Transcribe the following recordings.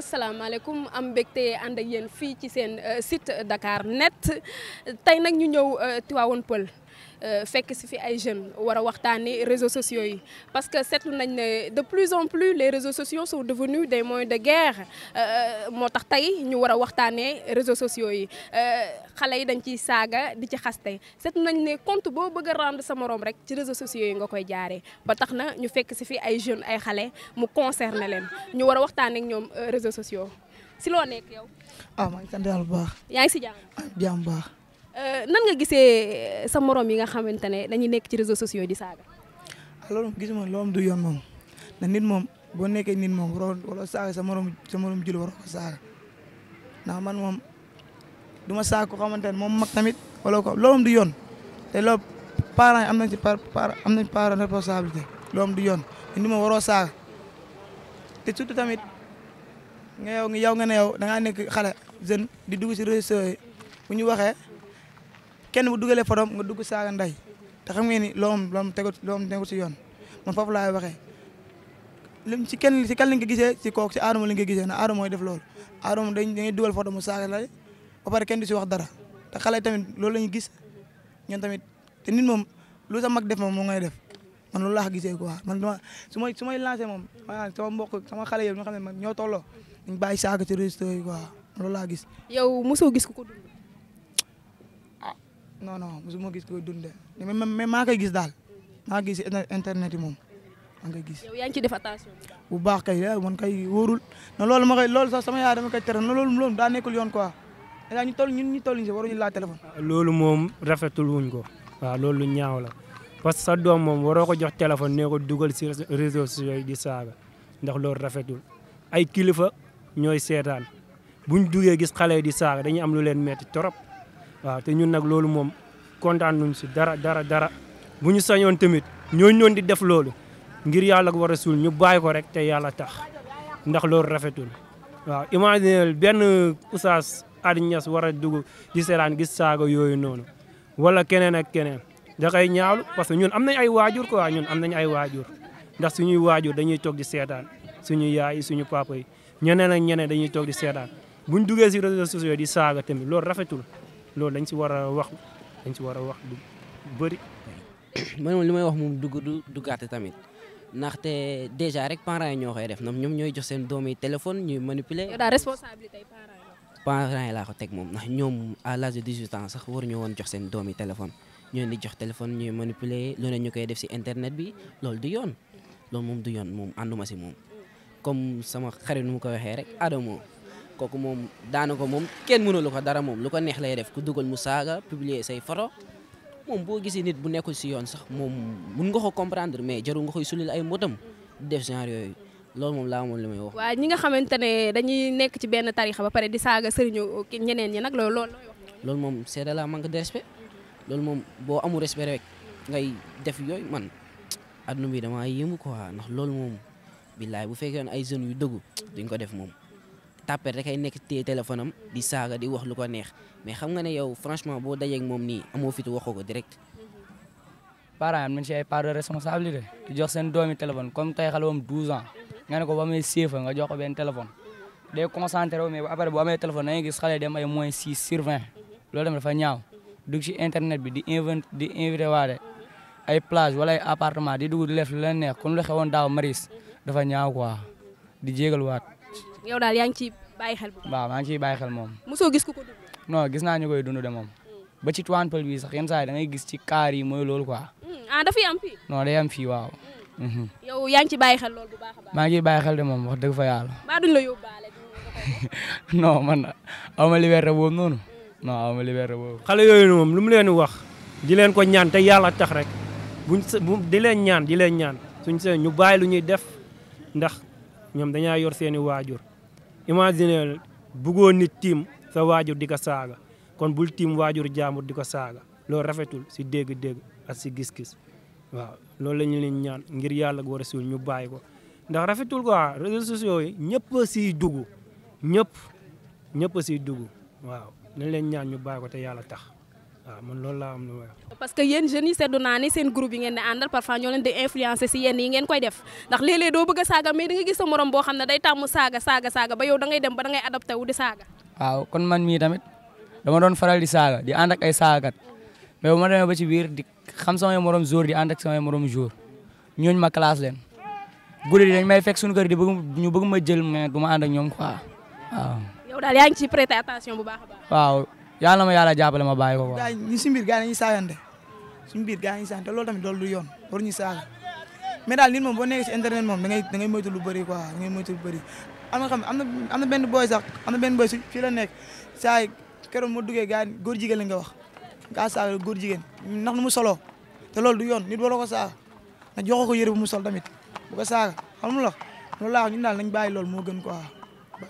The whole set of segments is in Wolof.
Khadra salaamaaleykum am mbégte ànd ak yéen fii ci seen euh, site Dakar net tey nag ñu ñëw euh, Tivaouane Peulh Euh, fekk si fi ay jeunes war a waxtaanee réseaux sociaux yi parce que seetlu nañ ne de plus en plus les réseaux sociaux sont devenus des moyens de guerre euh, moo tax tey ñu war a waxtaanee réseaux sociaux yi euh, xale yi dañ ciy saaga di ci xas tey seetlu nañ ne compte boo bëgg a rendre sa morom rek ci réseaux sociaux yi nga koy jaaree ba tax na ñu fekk si fi ay jeunes ay xale mu concerné leen ñu war a waxtaanee ñoom réseaux sociaux si loo nekk yow. ah maa ngi sant baax. yaa ngi si jàmm. Ah, jàmm Euh, nan nga gisee euh, sa moroom yi nga xamante ne dañuy nekk ci réseau sociaux di saaga. loolu gisuma loom du yoon moom na nit moom boo nekkee nit moom waroo saaga sa morom sa morom jul waroo ko man moom du ma xamante ne moom mag tamit wala ko loolu du yoon te loolu parents am nañ ci nañ part de responsabilité loolu yoon te nit moom waroo saaga te tamit nga yow nga yow nga ne yow da nekk xale jeune di dugg si réseaux yi bu ñu waxee. kenn bu dugalee fotoom nga dugg saaga nday te xam ngeen ni loom loom tegu loom tegu si yoon man foofu laay waxee lim si kenn si kan lañ ko gisee si kooku si aadama lañ ko gisee na aadama mooy def loolu aadama dañ dañuy dugal foto mu saaga lay ba pare kenn du si wax dara te xale tamit loolu la ñu gis ñoom tamit te nit lu sa mag def moom moo ngay def man loolu laa gisee quoi man dama su may su may lancé moom sama mbokk sama xale yow ñoo xam ne man ñoo tolloo dañ bàyyi saaga si réseaux yi quoi loolu laa gis. yow non non mosuma gis koy dundee mais maa koy gis daal maa gis internet yi moom maa koy gis. yow yaa ngi ci def attention. bu baax kay eh, man kay wóorul na loolu ma koy loolu sax sama yaay dama koy tere na loolu loolu daa nekkul yoon quoi yaa ñu toll ñun ñu toll ñu si waruñu laa téléphone. Ah, loolu moom rafetul wuñ ko waaw loolu ñaaw la parce que sa doom moom waroo ko jox téléphone nee ko dugal si réseaux sociaux yi di ndax loolu rafetul ay kilifa ñooy seetaan buñ duggee gis xale yi di saaga dañuy am lu leen metti trop. waaw te ñun nag loolu moom kontaan nuñ si dara dara dara bu ñu sañoon tamit ñooñu ñoon di def loolu ngir yàlla war a suul ñu bàyyi ko rek te yàlla tax ndax loolu rafetul waaw imaginer benn oustaz Adi Niass war a dugg di seetaan gis saaga yooyu noonu wala keneen ak keneen da koy ñaawlu parce que ñun am nañ ay waajur quoi ñun am nañ ay waajur ndax suñuy waajur dañuy toog di seetaan suñu yaay yi suñu papa yi ñeneen ak ñeneen dañuy toog di seedaan bu ñu duggee si réseaux sociaux di saaga tamit loolu rafetul loolu dañ si war a wax dañ si war a wax du bëri. man moom li may wax moom dugg du duggaate tamit ndaxte déjà rek parent yi ñoo koy def ñoom ñooy jox seen doom yi téléphone ñuy manipuler. yow daal responsabilité parents laa ko teg moom ndax ñoom à l'âge de 18 ans sax waruñu woon jox seen doom yi téléphone ñoo di jox téléphone ñuy manipuler lu ne ñu koy def si internet bi loolu du yoon. loolu moom du yoon moom ànduma si moom comme sama xarit nu mu ko waxee rek Adamo. kooku moom daana ko moom kenn mënalu ko dara moom lu ko neex lay def ku dugal mu saaga publier say photo moom boo gisee nit bu nekkul si yoon sax moom mun nga ko comprendre mais jarul nga koy sulil ay motam def genre yooyu loolu moom laa moom li may wax. waaw ñi nga xamante ne dañuy nekk ci benn tarixa ba pare di saaga sëriñu ñeneen ñi nag loolu loolu. loolu moom c'est de la manque de respect loolu moom boo amul respect rek ngay def yooyu man adduna bi damaa yëngu quoi ndax loolu moom billaay bu fekkee ay jeunes yu dëggu duñ ko def moom. tàppet rek ay nekk di saaga di wax lu ko neex mais xam nga ne yow franchement boo dajeeg moom nii amoo fitu waxoo ko direct. parents am nañ si ay part de responsabilité di jox seen doomi téléphone comme tey xale moom 12 ans nga ne ko ba muy nga jox ko benn téléphone. day concentré wu mais après bu amee téléphone da ngay gis xale dem ay moins 6 sur 20 loolu dafa ñaaw dugg bi di invent di invité waale ay plage wala ay appartement di dugg di def lu leen neex kon lu xewoon daaw maris dafa ñaaw quoi di jégaluwaat. yow daal yaa ngi ciy bàyyi xel waaw maa ngi ciy bàyyi xel moom. mosoo gis ku ko dund. non gis naa ñu koy dund de moom. Hmm. ba ci tuwaan pël bi sax yenn saa yi da ngay gis ci kaar yi mooy loolu quoi. Hmm. ah am fii. non day am fii hmm. mhm. yow yaa ngi ciy bàyyi xel loolu maa ngi ciy bàyyi xel de moom wax dëgg fa yàlla. maa duñ la yóbbaale. non man aw ma liberté boobu noonu. non aw ma liberté boobu. xale yooyu moom lu mu leen wax di leen ko ñaan te tax rek buñ di leen ñaan di leen ñaan suñ seen ñu bàyyi lu ñuy def ndax ñoom dañaa yor seeni waajur imagine buggoo nit tiim sa waajur di ko saaga kon bul tiim waajur jaambur di ko saaga loo rafetul si dégg-dégg ak si gis-gis waaw loolu la ñu leen ñaan ngir yàlla war a suul ñu bàyyi ko ndax rafetul ko réseaux sociaux yi ñëpp a siy dugg ñëpp ñëpp si siy dugg waaw nañ leen ñaan ñu bàyyi ko te yàlla tax waaw man loolu laa am lu may wax. parce que yéen jeunes yi seetlu naa ne seen groupe yi ngeen di àndal parfois di influencer si yenn yi koy def ndax léeg-léeg a saaga mais da nga sa morom boo xam ne day tàmm saaga saaga saaga ba yow da ngay dem ba da ngay adapté wu di saaga. waaw kon man mii tamit dama doon faral di saaga di ànd ak ay saagakat mais bu ma demee ba ci biir di xam samay morom jour di ànd ak samay morom jour ñooñu ma classe leen guddi dañ may fekk suñu kër di bëgg ñu bëgg ma jël mais a yàlla ma yàlla jàppale ma bàyyi ko. gars yi suñu biir gars yi dañuy saagante suñu biir gars yi dañuy saagante loolu tamit loolu du yoon waruñu saaga mais daal nit moom boo nekkee si internet moom da ngay da ngay moytu lu bëri quoi da am na xam am benn boy sax am na benn boy si fii la nekk saa yi moo duggee gars góor jigéen la nga wax gaa saaga góor jigéen ndax mu soloo te loolu du yoon nit waroo ko saaga na joxo ko yëre bu mu sol tamit bu ko saaga xam nga loolu laa wax ñun bàyyi loolu moo gën quoi.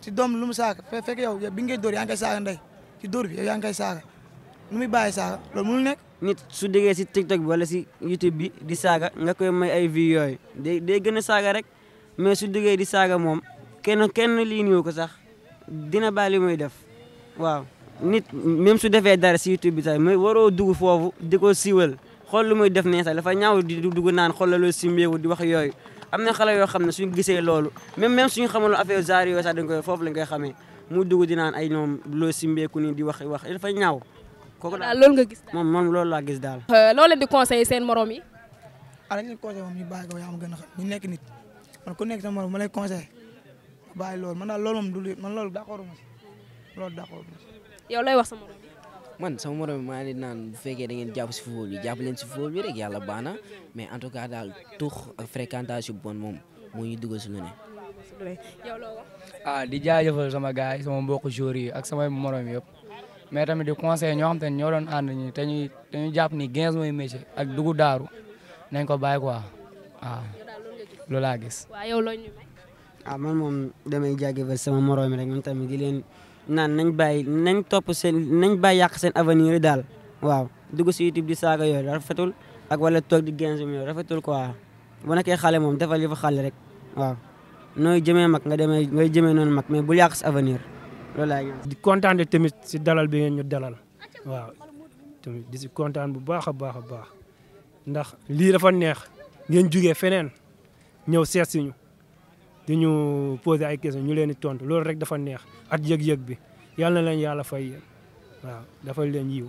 si doom lu mu saaga fekk yow bi ngay dóor yaa ngi koy saaga ndey si dóor bi yow yaa ngi koy saaga nu muy bàyyi saaga loolu mënul nekk. nit su déggee si TikTok bi wala si YouTube bi di saaga nga koy may ay vues yooyu day day gën a saaga rek mais su déggee di saaga moom kenn kenn lii nii ko sax dina bàyyi li muy def waaw. nit même su defee dara si YouTube bi sax mais waroo dugg foofu di ko siiwal xool lu muy def nee dafa ñaaw di dugg naan xool la loo simbeewu di wax yooyu. am na xale yoo xam ne suñu gisee loolu même même suñu xamaloo affaire genre yooyu sax dañ koy foofu lañ koy xamee mu dugg di naan ay ñoom loo simbeeku nii di wax wax dafa ñaaw. kooku daal loolu nga gis daal moom moom loolu laa gis daal. Euh, loo leen di conseillé seen morom yi. ah dañu leen conseillé moom ñu bàyyi ko yaa am gën nekk nit man ku nekk sama morom ma lay conseillé bàyyi loolu man daal loolu moom du man loolu d'accord ma si ma si. yow lay wax sa morom man sama morom maa ngi leen naan bu fekkee da ngeen si football bi leen si football rek yàlla baax na mais en tout daal tux ak fréquentation bu bon ñu dugal si ne. ah di jaajëfal sama gars yi sama mbokku ak samay morom yëpp mais tamit di conseil ñoo xam te ne ñoo doon ànd ñi te ñuy te ñuy jàpp ni 15 mooy métier ak dugub daaru nañ ko bàyyi quoi waaw loolu laa gis. ah man moom sama morom rek man tamit di naan nañ bàyyi nañ topp seen nañ bàyyi yàq seen avenir yi daal waaw dugg si YouTube di saaga yooyu rafetul ak wala toog di gàncax yooyu rafetul quoi bu nekkee xale moom dafa li fa xale rek waaw nooy jëmee mag nga demee ngay jëmee noonu mag mais bul yàq sa avenir loolu laa di kontaan tamit si dalal bi ngeen ñu dalal waaw tamit di si kontaan bu baax a baax a baax ndax lii dafa neex ngeen jugee feneen ñëw seet si ñu di ñu poser ay questions ñu leen di tontu loolu rek dafa neex at yëg-yëg bi yàlla na leen yàlla fay waaw dafa leen yiw